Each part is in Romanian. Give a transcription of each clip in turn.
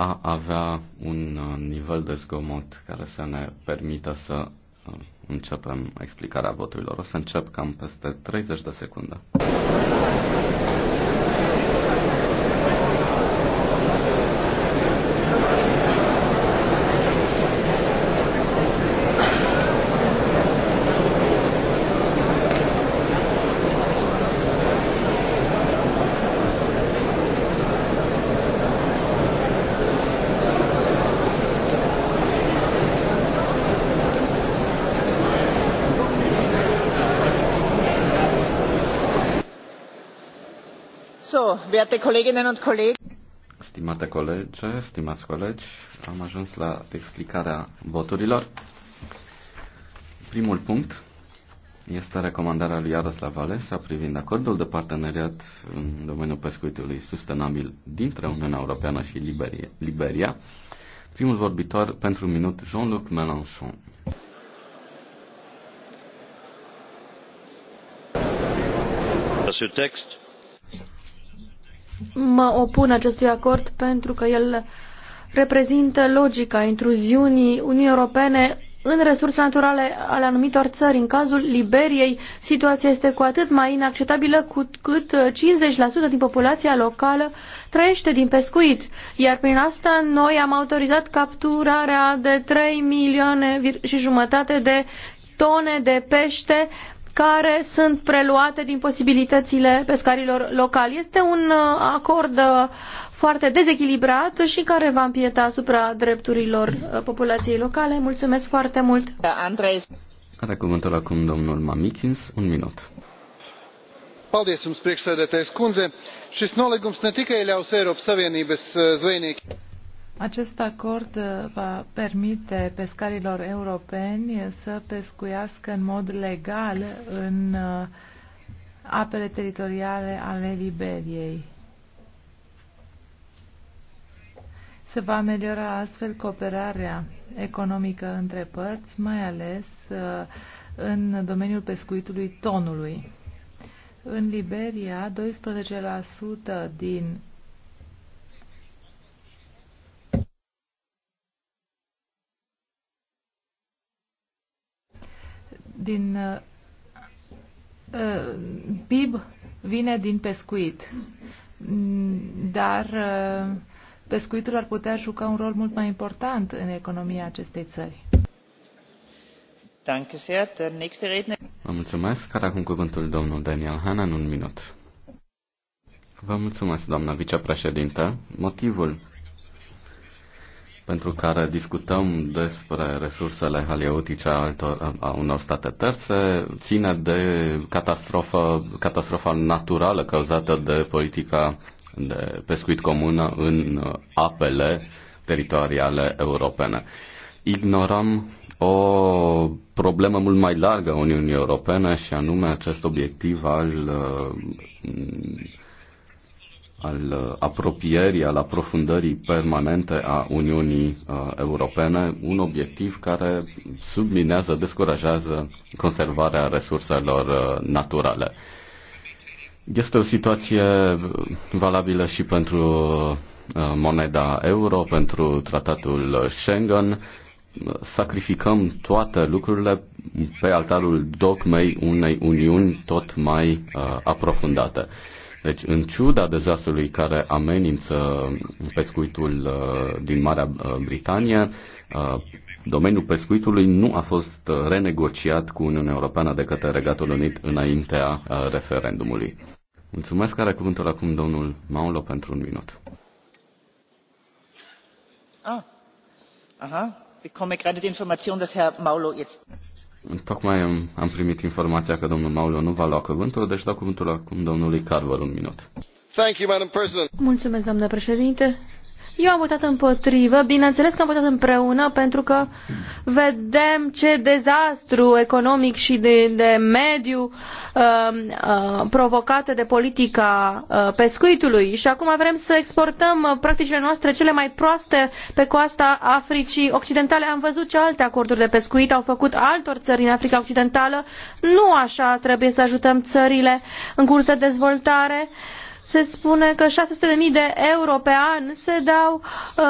a avea un uh, nivel de zgomot care să ne permită să uh, începem explicarea voturilor. O să încep cam peste 30 de secunde. Stimate colege, stimați colegi, am ajuns la explicarea voturilor. Primul punct este recomandarea lui Iaroslav Valesa privind acordul de parteneriat în domeniul pescuitului sustenabil dintre Uniunea Europeană și Liberia. Liberia. Primul vorbitor pentru un minut, Jean-Luc Mélenchon. Ce text mă opun acestui acord pentru că el reprezintă logica intruziunii Uniunii Europene în resurse naturale ale anumitor țări. În cazul Liberiei, situația este cu atât mai inacceptabilă cu cât 50% uh, din populația locală trăiește din pescuit, iar prin asta noi am autorizat capturarea de 3 milioane și jumătate de tone de pește care sunt preluate din posibilitățile pescarilor locali. Este un uh, acord uh, foarte dezechilibrat și care va împieta asupra drepturilor uh, populației locale. Mulțumesc foarte mult! Andrei. Are cuvântul acum domnul Mamikins, un minut. Paldies jums, priekšsēdētājs kundze. Šis nolīgums ne tikai ļaus Eiropas Savienības zvejniekiem. Acest acord uh, va permite pescarilor europeni să pescuiască în mod legal în uh, apele teritoriale ale Liberiei. Se va ameliora astfel cooperarea economică între părți, mai ales uh, în domeniul pescuitului tonului. În Liberia, 12% din din uh, uh, PIB vine din pescuit, mm, dar uh, pescuitul ar putea juca un rol mult mai important în economia acestei țări. Vă mulțumesc. Care acum cuvântul domnul Daniel Hanan, un minut. Vă mulțumesc, doamna vicepreședintă. Motivul pentru care discutăm despre resursele haleotice a, altor, a unor state terțe ține de catastrofă catastrofa naturală cauzată de politica de pescuit comună în apele teritoriale europene. Ignorăm o problemă mult mai largă a Uniunii Europene și anume acest obiectiv al uh, al uh, apropierii, al aprofundării permanente a Uniunii uh, Europene, un obiectiv care subminează, descurajează conservarea resurselor uh, naturale. Este o situație valabilă și pentru moneda euro, pentru tratatul Schengen. Sacrificăm toate lucrurile pe altarul dogmei unei uniuni tot mai aprofundate. Deci, în ciuda dezastrului care amenință pescuitul uh, din Marea uh, Britanie, uh, domeniul pescuitului nu a fost renegociat cu Uniunea Europeană de către Regatul Unit înaintea referendumului. Mulțumesc, are cuvântul acum domnul Maulo pentru un minut. Ah. Aha. Bekomme gerade die Information, dass Herr Maulo jetzt Tocmai am primit informația că domnul Maulio nu va lua cuvântul, deci dau cuvântul acum domnului Carver un minut. Thank you, Madam President. Mulțumesc, doamnă președinte. Eu am votat împotrivă, bineînțeles că am votat împreună, pentru că vedem ce dezastru economic și de, de mediu um, uh, uh, provocate de politica uh, pescuitului și acum vrem să exportăm uh, practicile noastre cele mai proaste pe coasta Africii Occidentale. Am văzut ce alte acorduri de pescuit au făcut altor țări în Africa Occidentală. Nu așa trebuie să ajutăm țările în curs de dezvoltare. Uh, se spune că 600.000 de euro pe an se dau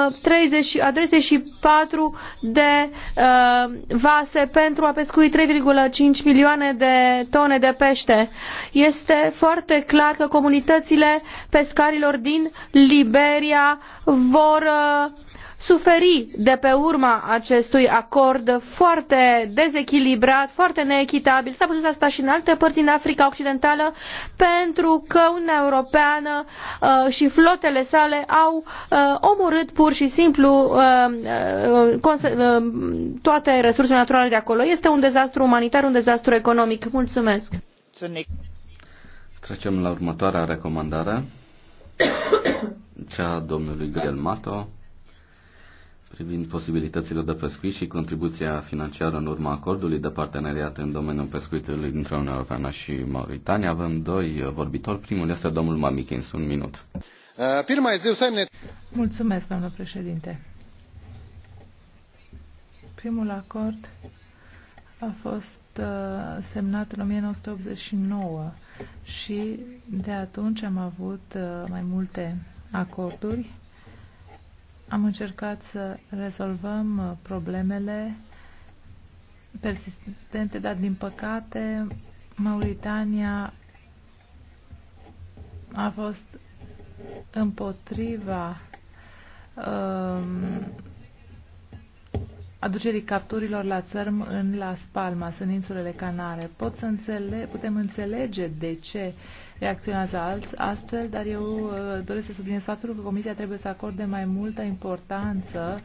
uh, 34 de uh, vase pentru a pescui 3,5 milioane de tone de pește. Este foarte clar că comunitățile pescarilor din Liberia vor uh, suferi de pe urma acestui acord foarte dezechilibrat, foarte neechitabil. S-a văzut asta și în alte părți din Africa Occidentală, pentru că Uniunea Europeană uh, și flotele sale au uh, omorât pur și simplu uh, uh, uh toate resursele naturale de acolo. Este un dezastru umanitar, un dezastru economic. Mulțumesc! Trecem la următoarea recomandare, cea a domnului Guillermo Mato privind posibilitățile de pescuit și contribuția financiară în urma acordului de parteneriat în domeniul pescuitului dintre Uniunea Europeană și Mauritania. Avem doi vorbitori. Primul este domnul Mamikins. Un minut. Uh, Mulțumesc, domnule președinte. Primul acord a fost uh, semnat în 1989 și de atunci am avut uh, mai multe acorduri am încercat să rezolvăm uh, problemele persistente, dar din păcate Mauritania a fost împotriva um, aducerii capturilor la țărm în Las Palmas, în insulele Canare. Pot să înțele putem înțelege de ce uh, reacționează alți, astfel, dar eu uh, doresc să subliniez faptul că Comisia trebuie să acorde mai multă importanță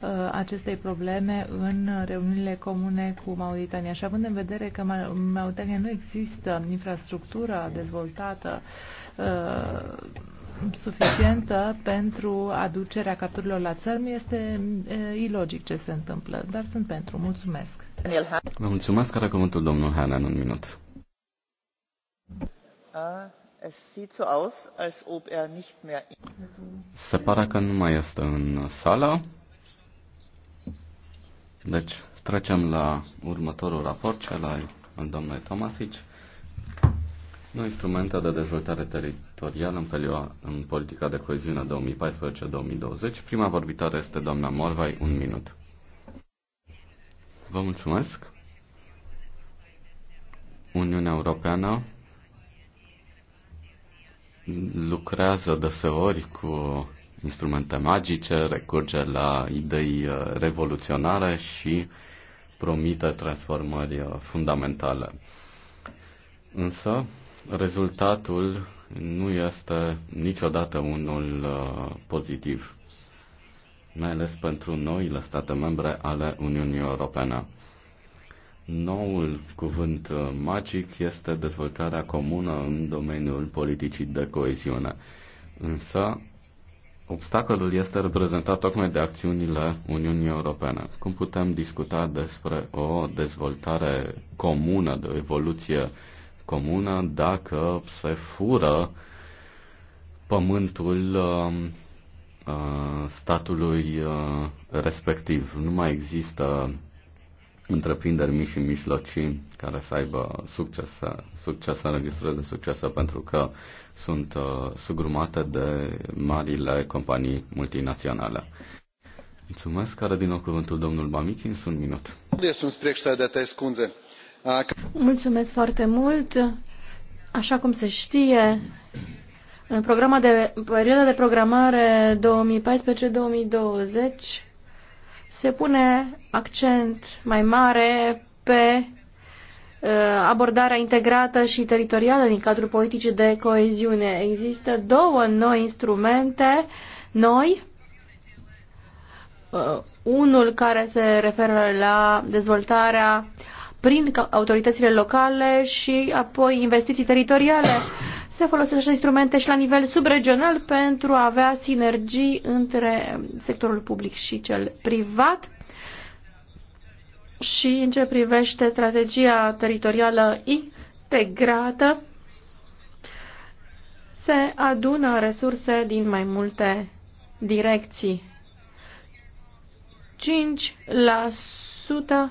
uh, acestei probleme în reuniunile comune cu Mauritania. Și având în vedere că în Mauritania nu există infrastructură dezvoltată uh, suficientă pentru aducerea capturilor la țărm, este ilogic ce se întâmplă, dar sunt pentru. Mulțumesc. Vă mulțumesc, are cuvântul domnul Hanan, un minut. Äh, er Se pare că nu mai este în sală. Deci trecem la următorul raport, cel al domnului Tomasic. Noi instrumente de dezvoltare teritorială în, în politica de coeziune 2014-2020. Prima vorbitoare este doamna Morvai, un minut. Vă mulțumesc. Uniunea Europeană lucrează deseori cu instrumente magice, recurge la idei uh, revoluționare și promite transformări uh, fundamentale. Însă, rezultatul nu este niciodată unul uh, pozitiv, mai ales pentru noile state membre ale Uniunii Europene. Noul cuvânt uh, magic este dezvoltarea comună în domeniul politicii de coeziune. Însă, obstacolul este reprezentat tocmai de acțiunile Uniunii Europene. Cum putem discuta despre o dezvoltare comună, de o evoluție comună, dacă se fură pământul uh, uh, statului respectiv? Nu mai există întreprinderi mici și mijlocii care să aibă succes, succes înregistreze succes pentru că sunt uh, sugrumate de marile companii multinaționale. Mulțumesc, care din nou cuvântul domnul Mamichin, sunt minut. Mulțumesc foarte mult. Așa cum se știe, în programa de, perioada de programare 2014-2020 se pune accent mai mare pe uh, abordarea integrată și teritorială din cadrul politicii de coeziune. Există două noi instrumente noi, uh, unul care se referă la dezvoltarea prin autoritățile locale și apoi investiții teritoriale se folosesc instrumente și la nivel subregional pentru a avea sinergii între sectorul public și cel privat. Și în ce privește strategia teritorială integrată, se adună resurse din mai multe direcții. 5%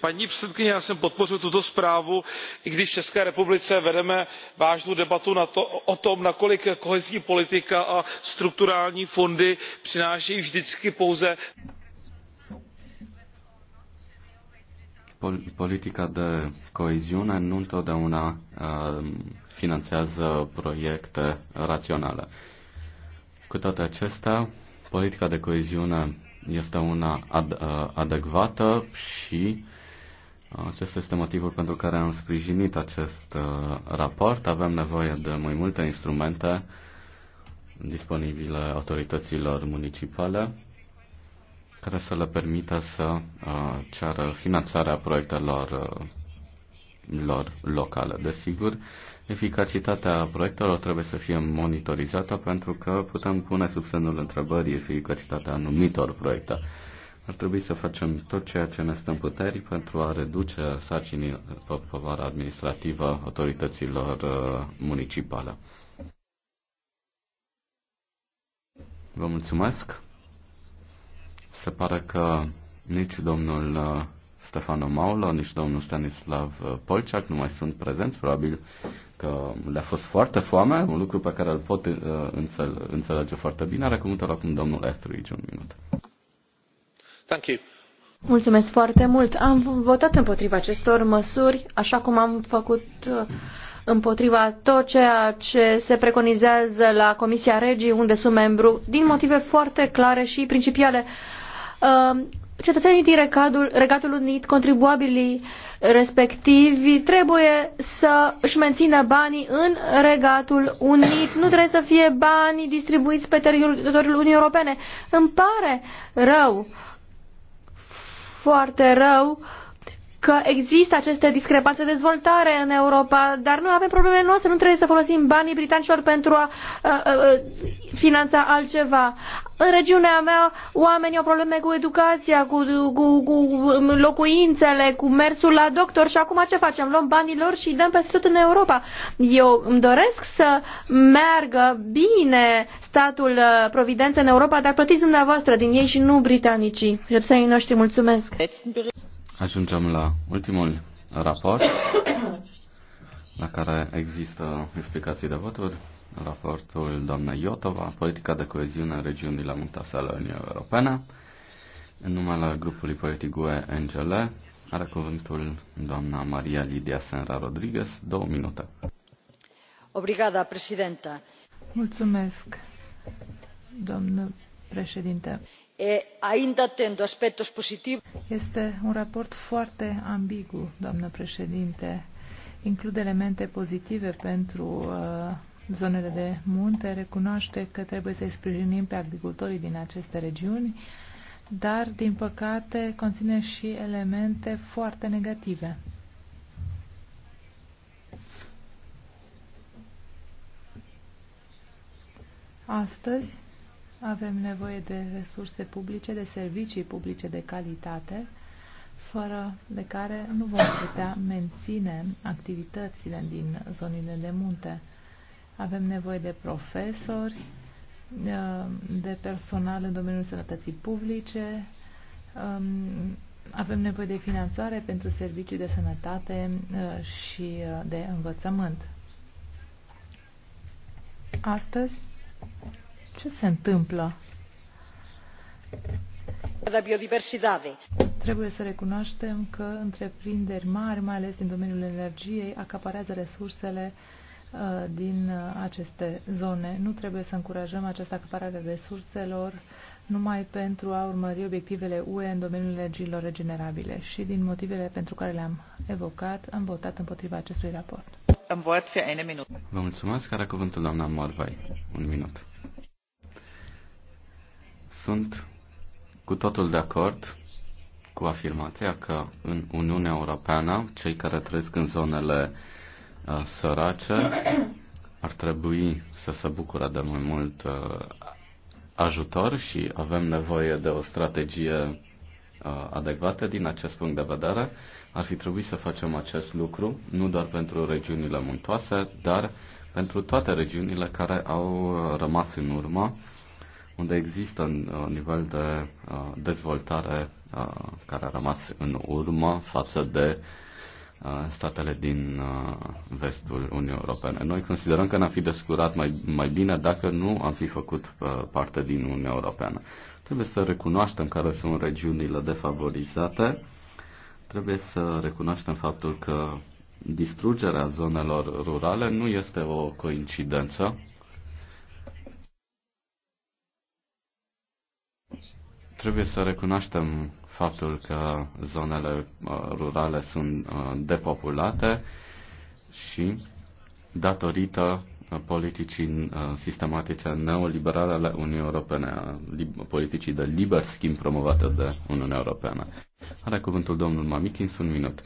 paní předsedající já jsem podpořil tuto zprávu i když v české republice vedeme vážnou debatu o tom nakolik kohezní politika a strukturální fondy přinášejí vždycky pouze. politica de coeziune nu întotdeauna um, finanțează proiecte raționale. Cu toate acestea, politica de coeziune este una ad- uh, adecvată și uh, acesta este motivul pentru care am sprijinit acest uh, raport. Avem nevoie de mai multe instrumente disponibile autorităților municipale care să le permită să ceară finanțarea proiectelor lor locale. Desigur, eficacitatea proiectelor trebuie să fie monitorizată pentru că putem pune sub semnul întrebării eficacitatea anumitor proiecte. Ar trebui să facem tot ceea ce ne stă în puteri pentru a reduce sarcinii povara administrativă autorităților uh, municipale. Vă mulțumesc. Se pare că nici domnul uh, Stefano Maulo, nici domnul Stanislav uh, Polciac nu mai sunt prezenți, probabil că le-a fost foarte foame, un lucru pe care îl pot uh, înțel- înțelege foarte bine. Are cuvântul acum domnul Etheridge, un minut. Thank you. Mulțumesc foarte mult. Am votat împotriva acestor măsuri, așa cum am făcut uh, împotriva tot ceea ce se preconizează la Comisia Regii, unde sunt membru, din motive foarte clare și principiale cetățenii din Regatul, Regatul Unit, contribuabilii respectivi, trebuie să își mențină banii în Regatul Unit. Nu trebuie să fie banii distribuiți pe teritoriul Uniunii Europene. Îmi pare rău, foarte rău, uh, că există aceste discrepanțe de dezvoltare în Europa, dar noi avem problemele noastre, nu trebuie să folosim banii britanicilor pentru a, a, a finanța altceva. În regiunea mea, oamenii au probleme cu educația, cu, cu, cu locuințele, cu mersul la doctor și acum ce facem? Luăm banii lor și îi dăm peste tot în Europa. Eu îmi doresc să meargă bine statul uh, Providență în Europa, dar plătiți dumneavoastră din ei și nu britanicii. Cetățenii noștri, mulțumesc! Ajungem la ultimul raport, la care există explicații de voturi. Raportul doamnei Iotova, politica de coeziune în regiunii la Munta Europene. În numele grupului politic UE NGL are cuvântul doamna Maria Lidia Senra Rodriguez, două minute. Obrigada, președinte. Mulțumesc, domnul președinte este un raport foarte ambigu doamnă președinte include elemente pozitive pentru uh, zonele de munte recunoaște că trebuie să îi sprijinim pe agricultorii din aceste regiuni dar din păcate conține și elemente foarte negative. Astăzi, avem nevoie de resurse publice, de servicii publice de calitate, fără de care nu vom putea menține activitățile din zonile de munte. Avem nevoie de profesori, de personal în domeniul sănătății publice, um, avem nevoie de finanțare pentru servicii de sănătate uh, și uh, de învățământ. Astăzi ce se întâmplă? La biodiversitate. Trebuie să recunoaștem că întreprinderi mari, mai ales din domeniul energiei, acaparează resursele uh, din uh, aceste zone. Nu trebuie să încurajăm această acaparare a resurselor numai pentru a urmări obiectivele UE în domeniul energiilor regenerabile și din motivele pentru care le-am evocat, am votat împotriva acestui raport. Vă mulțumesc. Are cuvântul doamna Morvai. Un minut. Sunt cu totul de acord cu afirmația că în Uniunea Europeană cei care trăiesc în zonele uh, sărace ar trebui să se bucure de mai mult uh, ajutor și avem nevoie de o strategie uh, adecvată din acest punct de vedere. Ar fi trebuit să facem acest lucru nu doar pentru regiunile muntoase, dar pentru toate regiunile care au uh, rămas în urmă unde există un uh, nivel de uh, dezvoltare uh, care a rămas în urmă față de statele din vestul Uniunii Europene. Noi considerăm că ne-am fi descurat mai, mai bine dacă nu am fi făcut parte din Uniunea Europeană. Trebuie să recunoaștem care sunt regiunile defavorizate, trebuie să recunoaștem faptul că distrugerea zonelor rurale nu este o coincidență, Trebuie să recunoaștem faptul că zonele uh, rurale sunt uh, depopulate și datorită uh, politicii sistematice neoliberale ale Uniunii Europene, politicii de liber schimb promovate de Uniunea Europeană. Are cuvântul domnul Mamichin, sunt minut.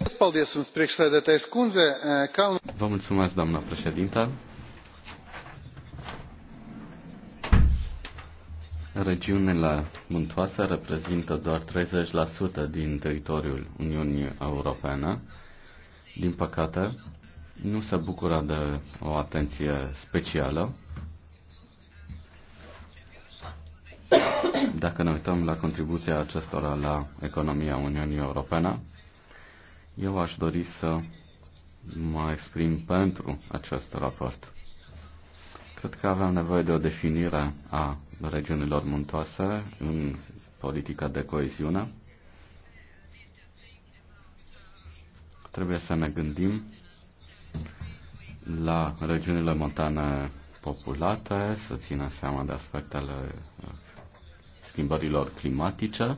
Vă mulțumesc, doamna președintă. Regiunile muntoase reprezintă doar 30% din teritoriul Uniunii Europene. Din păcate, nu se bucură de o atenție specială. Dacă ne uităm la contribuția acestora la economia Uniunii Europene, eu aș dori să mă exprim pentru acest raport. Cred că avem nevoie de o definire a regiunilor muntoase în politica de coeziune. Trebuie să ne gândim la regiunile montane populate, să țină seama de aspectele schimbărilor climatice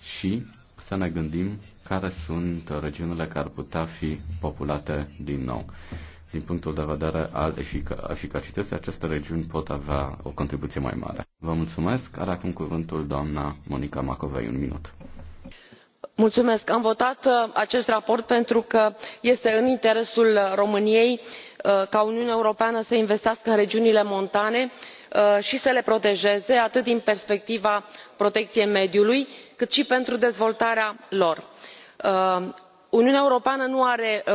și să ne gândim care sunt regiunile care ar putea fi populate din nou din punctul de vedere al efic- eficacității, aceste regiuni pot avea o contribuție mai mare. Vă mulțumesc. Are acum cuvântul doamna Monica Macovei. Un minut. Mulțumesc. Am votat uh, acest raport pentru că este în interesul României uh, ca Uniunea Europeană să investească în regiunile montane uh, și să le protejeze atât din perspectiva protecției mediului cât și pentru dezvoltarea lor uniunea europeană nu are uh,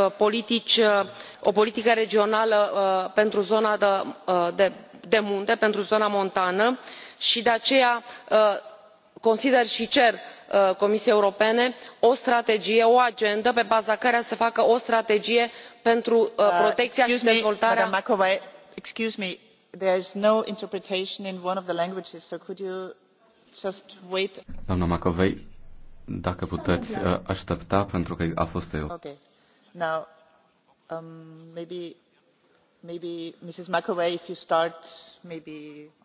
uh, o politică regională uh, pentru zona de munte pentru zona montană și de aceea consider și cer comisiei europene o strategie o agendă pe baza căreia să facă o strategie pentru protecția și dezvoltarea doamnă macovei dacă puteți da. uh, aștepta, pentru că a fost eu. Okay. Now, um, maybe, maybe Mrs. McAway, if you start, maybe,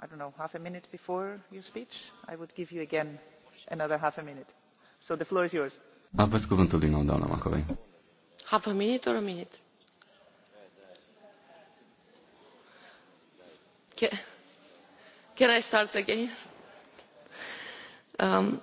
I don't know, half a minute before your speech, I would give you again another half a minute. So the floor is yours. Aveți cuvântul din nou, doamna McAway. Half a minute or a minute? Can I start again? Um,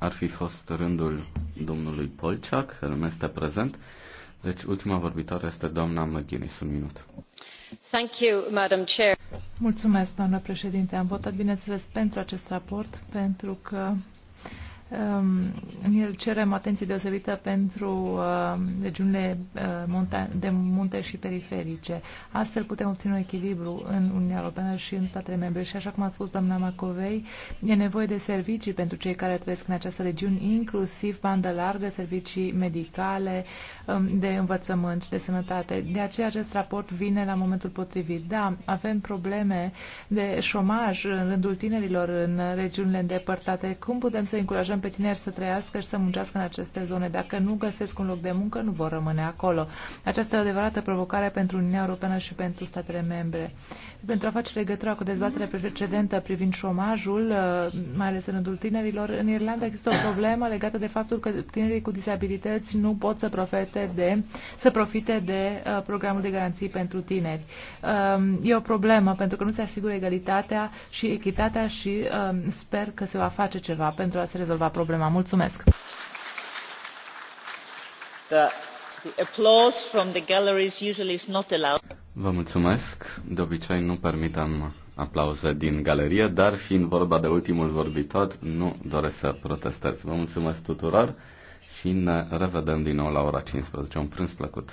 ar fi fost rândul domnului Polciac, care nu este prezent. Deci ultima vorbitoare este doamna McGuinness, un minut. Thank you, Madam Chair. Mulțumesc, doamnă președinte. Am votat, bineînțeles, pentru acest raport, pentru că Um, el cerem atenție deosebită pentru um, regiunile uh, de munte și periferice. Astfel putem obține un echilibru în Uniunea Europeană și în statele membre. Și așa cum a spus doamna Macovei, e nevoie de servicii pentru cei care trăiesc în această regiune, inclusiv bandă largă, servicii medicale, um, de învățământ și de sănătate. De aceea acest raport vine la momentul potrivit. Da, avem probleme de șomaj în rândul tinerilor în regiunile îndepărtate. Cum putem să încurajăm pe tineri să trăiască și să muncească în aceste zone. Dacă nu găsesc un loc de muncă, nu vor rămâne acolo. Aceasta e o adevărată provocare pentru Uniunea Europeană și pentru statele membre. Pentru a face legătura cu dezbaterea precedentă privind șomajul, uh, mai ales în rândul tinerilor, în Irlanda există o problemă legată de faptul că tinerii cu disabilități nu pot să profite de, să profite de uh, programul de garanții pentru tineri. Um, e o problemă pentru că nu se asigură egalitatea și echitatea și um, sper că se va face ceva pentru a se rezolva problema. Mulțumesc! Vă mulțumesc. De obicei nu permitem aplauze din galerie, dar fiind vorba de ultimul vorbitor, nu doresc să protestez. Vă mulțumesc tuturor și ne revedem din nou la ora 15. Un prânz plăcut!